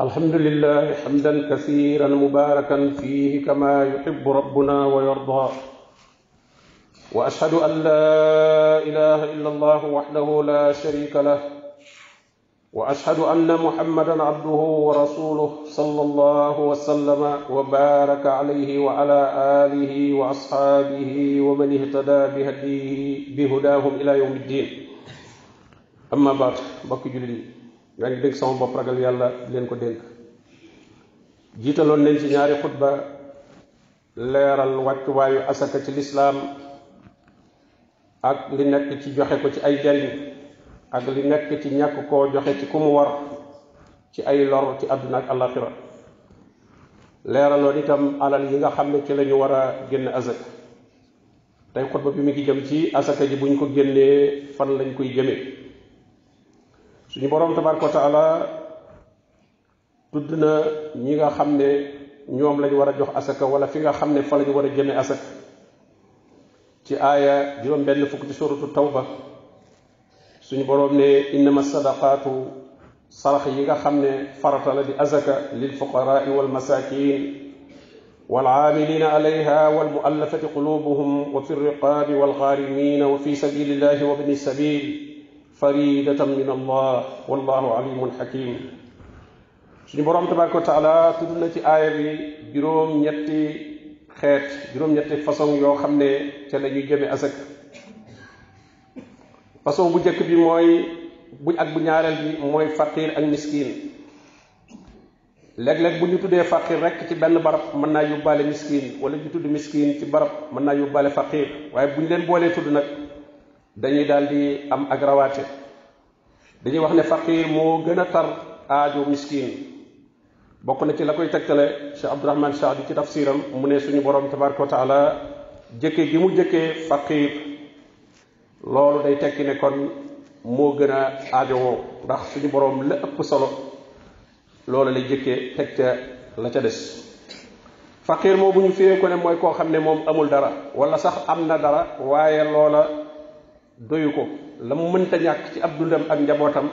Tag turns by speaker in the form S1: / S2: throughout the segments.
S1: الحمد لله حمدا كثيرا مباركا فيه كما يحب ربنا ويرضى واشهد ان لا اله الا الله وحده لا شريك له واشهد ان محمدا عبده ورسوله صلى الله وسلم وبارك عليه وعلى اله واصحابه ومن اهتدى بهديه بهداهم الى يوم الدين اما بعد بك جلدي daal di dégg sama bopp ragal yàlla leen ko dénk jiitaloon nañ ci ñaari xutba leeral wàccuwaayu asaka ci lislaam ak li nekk ci joxe ko ci ay jariñ ak li nekk ci ñàkk koo joxe ci ku mu war ci ay lor ci àdduna ak àllaaxira leeraloon itam alal yi nga xam ne ci lañu war a génn asaka tey xutba bi mu ngi jëm ci asaka ji buñ ko génnee fan lañ koy jëmee suñu boroom tabaraka wa taala tudd ñi nga xam ne ñoom lañu war a jox asaka wala fi nga xam ne fa lañu war a jëme asaka ci aaya juróom benn fukk ci suratu tawba suñu boroom ne innama sadaqaatu sarax yi nga xam ne farata la di azaka lil fuqaraai wal masakin wal aamilina alayha wal muallafati qulubuhum wa fi riqaabi wal xaarimiina wa fi sabilillahi wa bni sabil faridatan min allah wallahu alimun hakim suñu boroom tabaraka wa taala tudd na ci aaya bi juróom-ñetti xeet juróom-ñetti façon yoo xam ne ca la ñuy jëme asak façon bu jëkk bi mooy bu ak bu ñaareel bi mooy faqir ak miskin léeg-léeg bu ñu tuddee faqir rekk ci benn barab mën naa yóbbaale miskin wala ñu tudd miskin ci barab mën naa yóbbaale faqir waaye bu ñu leen boolee tudd nag dañuy daal di am ak rawaate dañuy wax ne faqiir moo gën a tar aajo miskin bokk na ci la koy tegtale Cheikh Abdourahman Saadi ci tafsiram mu ne suñu boroom tabaraka wa jëkk jëkke gi mu jëkkee faqiir loolu day tekki ne kon moo gën a aajowoo ndax suñu boroom la ëpp solo loolu lay jëkkee teg ca la ca des faqiir moo bu ñu firee ko ne mooy koo xam ne moom amul dara wala sax am na dara waaye loola doyu ko la mu mënta ñàkk ci ab dundam ak njabootam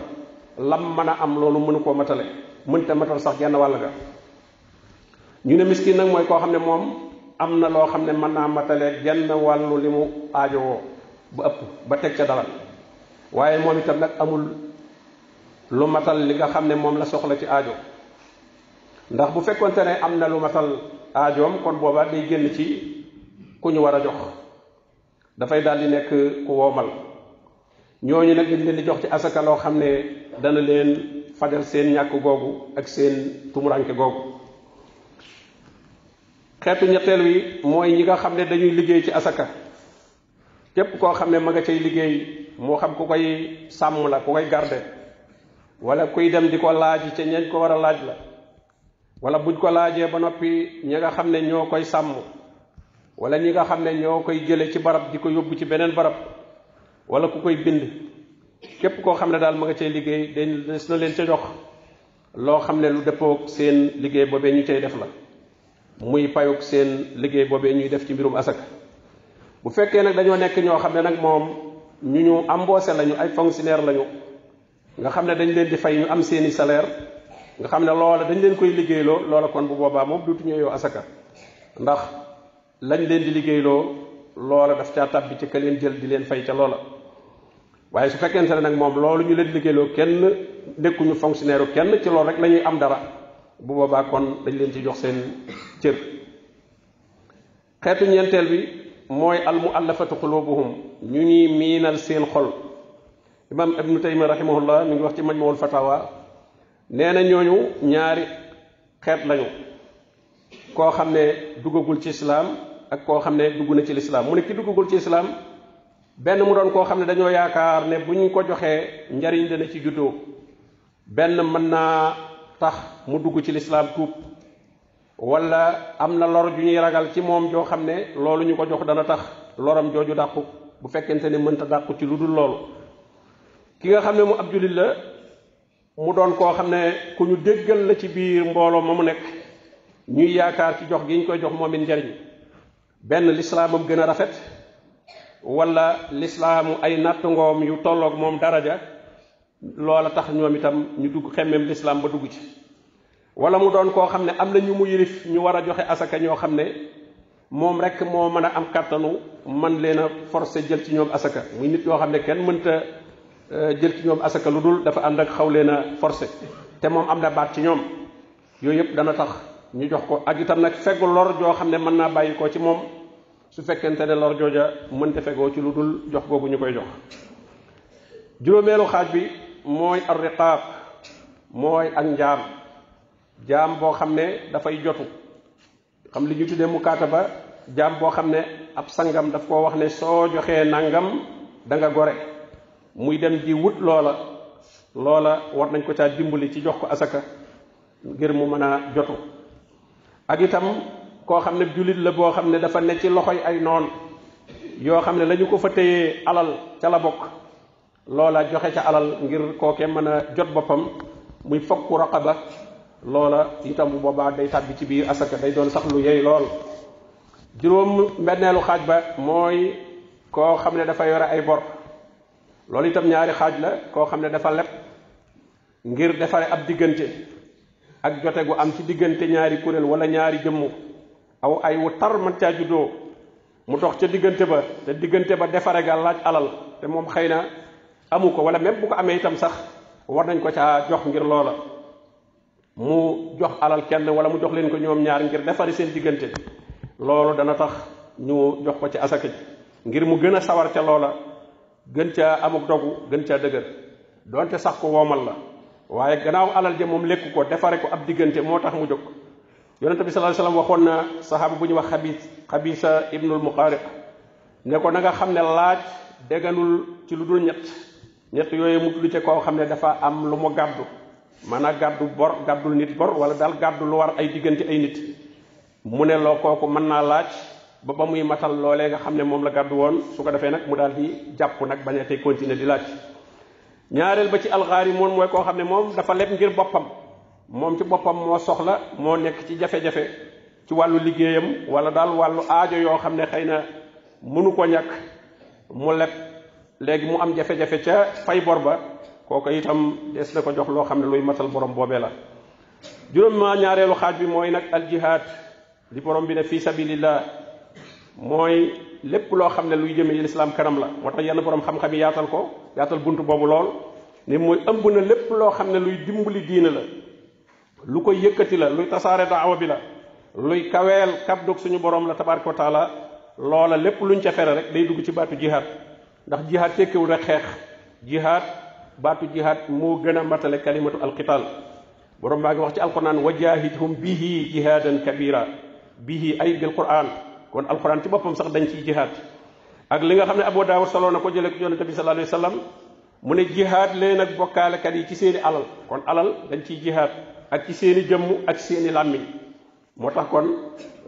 S1: lam mën a am loolu mënu koo matale mënta matal sax genn wàll ga ñu ne miskin nag mooy koo xam ne moom am na loo xam ne mën naa matale genn wàllu li mu aajowoo bu ëpp ba teg ca dalal waaye moom itam nag amul lu matal li nga xam ne moom la soxla ci aajo ndax bu fekkonte ne am na lu matal aajoom kon boobaa day génn ci ku ñu war a jox dafay daal di nekk ku woomal ñooñu nag dañ leen di jox ci asaka loo xam ne dana leen fajal seen ñàkk googu ak seen tumuranke googu xeetu ñetteel wi mooy ñi nga xam ne dañuy liggéey ci asaka képp koo xam ne ma nga cay liggéey moo xam ku koy sàmm la ku koy garde wala kuy dem di ko laaj ca ñañ ko war a laaj la wala buñ ko laajee ba noppi ñi nga xam ne ñoo koy sàmm wala ñi nga xam ne ñoo koy jële ci barab di ko yóbbu ci beneen barab wala ku koy bind képp koo xam ne daal ma nga cay liggéey dañ des na leen ca jox loo xam ne lu dëppoog seen liggéey boobee ñu cay def la muy payug seen liggéey boobee ñuy def ci mbirum asaka bu fekkee nag dañoo nekk ñoo xam ne nag moom ñu ñu embauché lañu ay fonctionnaire lañu nga xam ne dañ leen di fay ñu am seeni salaire nga xam ne loola dañ leen koy liggéeyloo loola kon bu boobaa moom duutu ñëw asaka ndax lañ leen di liggéeyloo loola daf caa tàbbi ci ka leen jël di leen fay ca loola waaye su fekkente ne nag moom loolu ñu leen liggéeyloo kenn nekkuñu fonctionnaire kenn ci loolu rek lañuy am dara bu boobaa kon dañ leen ci jox seen cër xeetu ñeenteel bi mooy almu al muallafatu qulubuhum ñu ñuy miinal seen xol imam ibnu taymiya rahimahullah mi ngi wax ci majmuul fatawa nee na ñooñu ñaari xeet lañu koo xam ne duggagul ci islaam ak koo xam ne dugg na ci lislaam mu ne ki duggagul ci lislaam benn mu doon koo xam ne dañoo yaakaar ne bu ñu ko joxee njariñ dana ci juddoo benn mën naa tax mu dugg ci lislaam tuub wala am na lor ju ñuy ragal ci moom joo xam ne loolu ñu ko jox dana tax loram jooju dàqu bu fekkente ne mënta dàqu ci lu dul loolu ki nga xam ne mu ab jullit la mu doon koo xam ne ku ñu déggal la ci biir mbooloo ma mu nekk ñuy yaakaar ci jox gi ñu koy jox moom it benn lislaamam gën a rafet walla lislaamu ay nattangoom yu tolloog moom daraja loola tax ñoom itam ñu dugg xemmeem lislaam ba dugg ci wala mu doon koo xam ne am na ñu mu yilif ñu war a joxe asaka ñoo xam ne moom rek moo mën a am kàttanu man leen a forcé jël ci ñoom asaka muy nit ñoo xam ne kenn mënta euh, jël ci ñoom asaka lu dul dafa ànd ak xaw leen a forcé te moom am na baat ci ñoom yooyu yëpp dana tax ñu jox ko ak itam nag feggu lor joo xam ne mën naa bàyyi ko ci moom su fekkente ne lor jooja mënte fegoo ci lu dul jox googu ñu koy jox juróomeelu xaaj bi mooy ar mooy ak njaam jaam boo xam ne dafay jotu xam li ñu tuddee mu kaata ba jaam boo xam ne ab sangam daf koo wax ne soo joxee nangam da nga gore muy dem di wut loola loola war nañ ko caa dimbali ci jox ko asaka ngir mu mën a jotu ak itam koo xam ne jullit la boo xam ne dafa ne ci loxoy ay noon yoo xam ne la ko fa téyee alal ca la bokk loola joxe ca alal ngir kooke mën a jot boppam muy fokku raqaba loola itam bu boobaa day bi ci biir asaka day doon sax lu yey lool juróom mbenneelu xaaj ba mooy koo xam ne dafa yore ay bor loolu itam ñaari xaaj la koo xam ne dafa leb ngir defare ab diggante ak jote gu am ci diggante ñaari kuréel wala ñaari jëmm aw ay wu tar man caa juddoo mu dox ca diggante ba te diggante ba defare ga laaj alal te moom xëy na amu ko wala même bu ko amee itam sax war nañ ko caa jox ngir loola mu jox alal kenn wala mu jox leen ko ñoom ñaar ngir defari seen diggante loolu dana tax ñu jox ko ci asaka ngir mu gën a sawar ca loola gën ca amuk dogu gën caa dëgër donte sax ko woomal la waaye gannaaw alal ja moom lekku ko defaree ko ab diggante moo tax mu jóg yonente bi sallallahu la wasallam waxoon na saxaaba bu ñu wax xabiis xabiisa ibnul muqaariq ne ko na xam ne laaj dégganul ci lu dul ñett ñett yooyu mu tudd ci koo xam ne dafa am lu mu gàddu mën a gàddu bor gàddul nit bor wala daal gàddu lu war ay diggante ay nit mu ne loo kooku mën naa laaj ba ba muy matal loolee nga xam ne moom la gàddu woon su ko defee nag mu daal di jàpp nag bañ a tey continuer di ñaareel ba ci alxaari moom mooy koo xam ne moom dafa leb ngir boppam moom ci boppam moo soxla moo nekk ci jafe-jafe ci wàllu liggéeyam wala daal wàllu aajo yoo xam ne xëy na mënu ko ñàkk mu leb léegi mu am jafe-jafe ca fay bor ba kooku itam des na ko jox loo xam ne luy matal borom boobee la juróom ma ñaareelu xaaj bi mooy nag aljihaad di borom bi ne fii sabilillah mooy lépp loo xam ne luy jëmee lislaam kanam la moo tax yenn borom xam-xam yi yaatal ko yaatal bunt boobu lool ni mooy ëmb na lépp loo xam ne luy dimbali diine la lu koy yëkkati la luy tasaare daawa bi la luy kaweel kabdoog suñu borom la tabaraka wa taala loola lépp luñ ca fere rek day dugg ci baatu jihaad ndax jihaad tekkiwul rek xeex jihaad baatu jihaad moo gën a matale kalimatu alqital borom baa ngi wax ci alquran wajahidhum bihi jihadan kabira bihi ay bil quran kon alquran ci boppam sax dañ ciy jihaad ak li nga xam ne Abu daaw soloo na ko jëlee ko yonente bi sallallahu alayhi wa sallam mu ne jihaad leen ak bokkaalekat yi ci seeni alal kon alal dañ ciy jihaad ak ci seeni jëmm ak seeni làmmiñ moo tax kon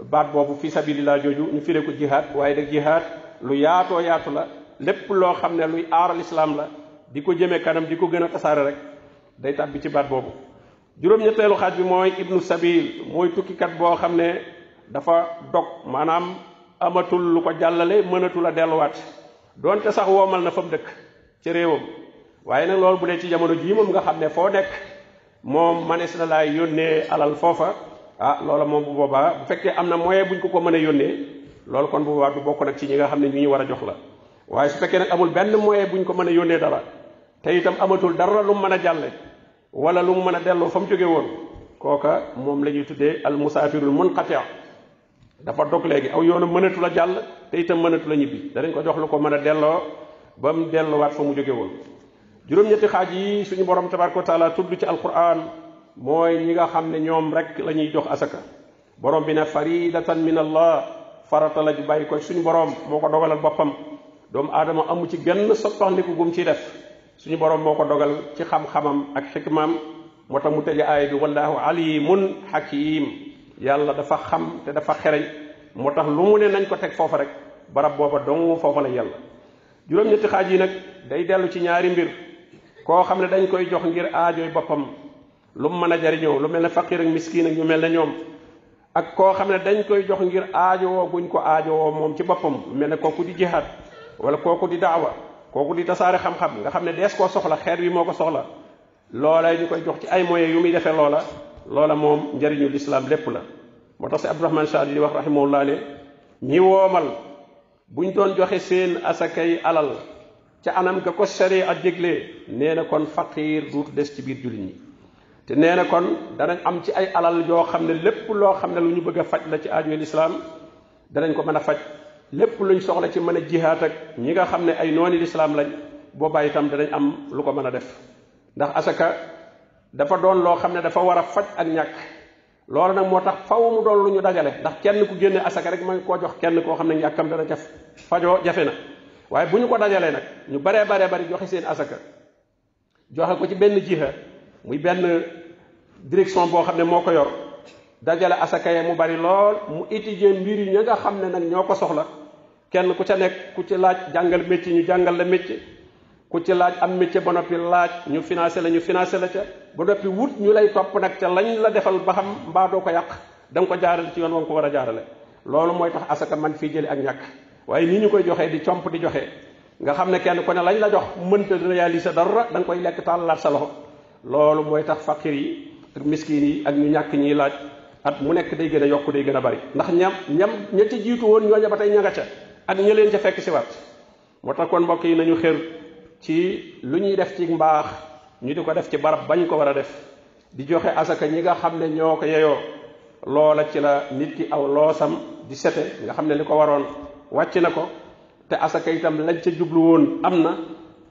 S1: baat boobu fi sabilillah jooju ñu fiire ko jihaad waaye nag jihaad lu yaatoo yaatu la lépp loo xam ne luy aaral islaam la di ko jëmee kanam di ko gën a tasaare rek day tàbbi ci baat boobu juróom-ñetteelu xaaj bi mooy ibnu sabil mooy tukkikat boo xam ne dafa dog maanaam amatul lu ko jàllale mënatul a delluwaat doonte sax woomal na fa mu dëkk ci réewam waaye nag loolu bu dee ci jamono jii moom nga xam ne foo nekk moom manees na laay yónnee alal foofa ah loola moom bu boobaa bu fekkee am na moyen buñ ko ko mën a yónnee loolu kon bu boobaa du bokk nag ci ñi nga xam ne ñu ñu war a jox la waaye su fekkee nag amul benn moyen buñ ko mën a yónnee dara te itam amatul dara lu mu mën a jàlle wala lu mu mën a dellu fa mu jóge woon kooka moom la ñuy tuddee al musaafirul munqati' dafa dog léegi aw yoonu mënatu la jàll te itam mënatu la ñibbi danañ ko jox lu ko mën a delloo ba mu delluwaat fa mu jóge woon juróom-ñetti xaaj yi suñu borom tabaraka wa taala tudd ci alquran mooy ñi nga xam ne ñoom rek la ñuy jox asaka borom bi ne faridatan min allah farata la ju bàyyi ko suñu boroom moo ko dogalal boppam doomu aadama amu ci genn soppandiku gum ciy def suñu borom moo ko dogal ci xam-xamam ak xikmaam moo tax mu tëje aaya bi wallahu alimun hakim yàlla dafa xam te dafa xereñ moo tax lu mu ne nañ ko teg foofa rek barab booba dong foofa la yàlla juróom-ñetti xaaj yi nag day dellu ci ñaari mbir koo xam ne dañ koy jox ngir aajooy boppam lu mu mën a jariñoo lu mel ne faqir ak miskin ak ñu mel ne ñoom ak koo xam ne dañ koy jox ngir aajowoo guñ ko aajowoo moom ci boppam mel ne kooku di jihaad wala kooku di daawa kooku di tasaare xam-xam nga xam ne dees koo soxla xeet wi moo ko soxla loola ñu koy jox ci ay moyens yu muy defee loola loola moom njariñu lislaam lépp la moo tax si abdourahman saadi di wax rahimahullah ne ñi woomal buñ doon joxee seen asakay alal ca anam ga ko sari ak jéglee nee na kon faqiir duutu des ci biir jullit yi te nee na kon danañ am ci ay alal yoo xam ne lépp loo xam ne lu ñu bëgg a faj la ci aajoy lislaam danañ ko mën a faj lépp luñ soxla ci mën a jihaat ak ñi nga xam ne ay noonu lislaam lañ booba itam danañ am lu ko mën a def ndax asaka dafa doon loo xam ne dafa war a faj ak ñàkk loolu nag moo tax faw mu doon lu ñu dajale ndax kenn ku génne asaka rek ma ngi koo jox kenn koo xam ne ñàkkam dana jaf fajoo jafe na waaye bu ñu ko dajalee nag ñu baree baree bari joxe seen asaka joxe ko ci benn jiha muy benn direction boo xam ne moo ko yor dajale asaka ya mu bari lool mu étudier mbir yi ña nga xam ne nag ñoo ko soxla kenn ku ca nekk ku ci laaj jàngal métier ñu jàngal la métier ku ci laaj am métier ba noppi laaj ñu financé la ñu financé la ca ba noppi wut ñu lay topp nag ca lañ la defal ba xam mbaa doo ko yàq danga ko jaarale ci yoon wa nga ko war a jaarale loolu mooy tax asaka man fii jëli ak ñàkk waaye nii ñu koy joxee di comp di joxe nga xam ne kenn ku ne lañ la jox mënta réaliser dara da nga koy lekk tàllalaat sa loxo loolu mooy tax faqir yi ak miskin yi ak ñu ñàkk ñiy laaj at mu nekk day gën a yokk day gën a bari ndax ñam ñam ña ci jiitu woon ñooña ba tey ña nga ca ak ña leen ca fekk si waat moo tax kon mbokk yi nañu xër ci lu ñuy def ci mbaax ñu di ko def ci barab bañ ko war a def di joxe asaka ñi nga xam ne ñoo ko yeyoo loola ci la nit ki aw loosam di sete nga xam ne li ko waroon wàcc na ko te asaka itam lañ ca jublu woon am na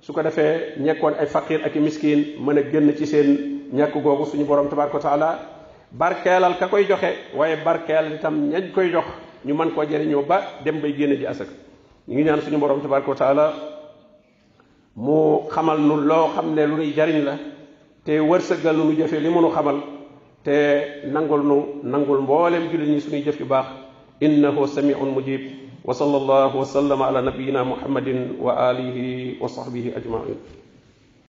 S1: su ko defee ñekkoon ay faqir ak i miskin mën a génn ci seen ñàkk googu suñu borom tabaraka wa taala barkeelal ka koy joxe waaye barkeelal itam ñañ koy jox ñu mën koo jëriñoo ba dem bay génn ji asaka ñu ngi ñaan suñu borom tabaraka wa mu xamal nu loo xam ne lu nuy jariñ la te wërsëgal nu jëfe li mënu xamal te nangul nu nangul mbooleem jullit ñi suñuy jëf yu baax innahu samiun mujib wa sallallahu wa sallama ala nabiyina muhammadin wa alihi wa sahbihi ajmain